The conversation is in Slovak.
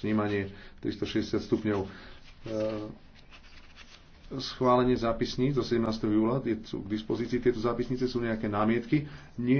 snímanie 360 stupňov. E, schválenie zápisníc do 17. júla je k dispozícii. Tieto zápisnice sú nejaké námietky. Nie